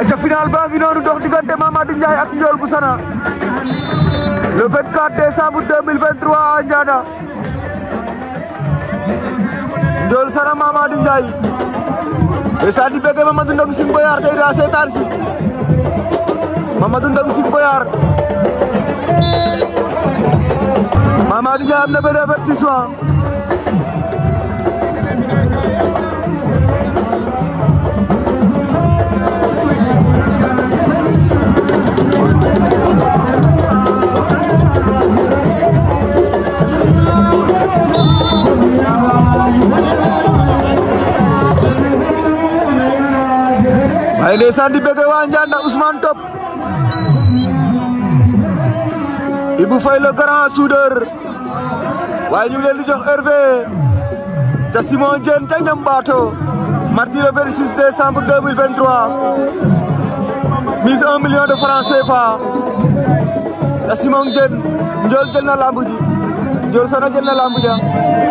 aca final baa ngi noonu dox diggante Mamadou ak Ndiol bu Sana le 24 décembre 2023 à Ndianda Ndiol Sana Mamadou Ndiaye esa di bëgg Mamadou Ndong Sing Boyar tey daa seetaan si Mamadou Ndong Sing Boyar Mamadou Ndiaye am na benn waaye ndeysaan di bëgg waa Njaan ak Ousmane Top Ibou Faye le grand soudeur waaye ñu ngi leen di jox Hervé te Simon Dieng te ñam baato mardi le 26 décembre 2023 million de francs CFA te Simon Dieng njool jël na lamb ji njool sona jël na lamb ja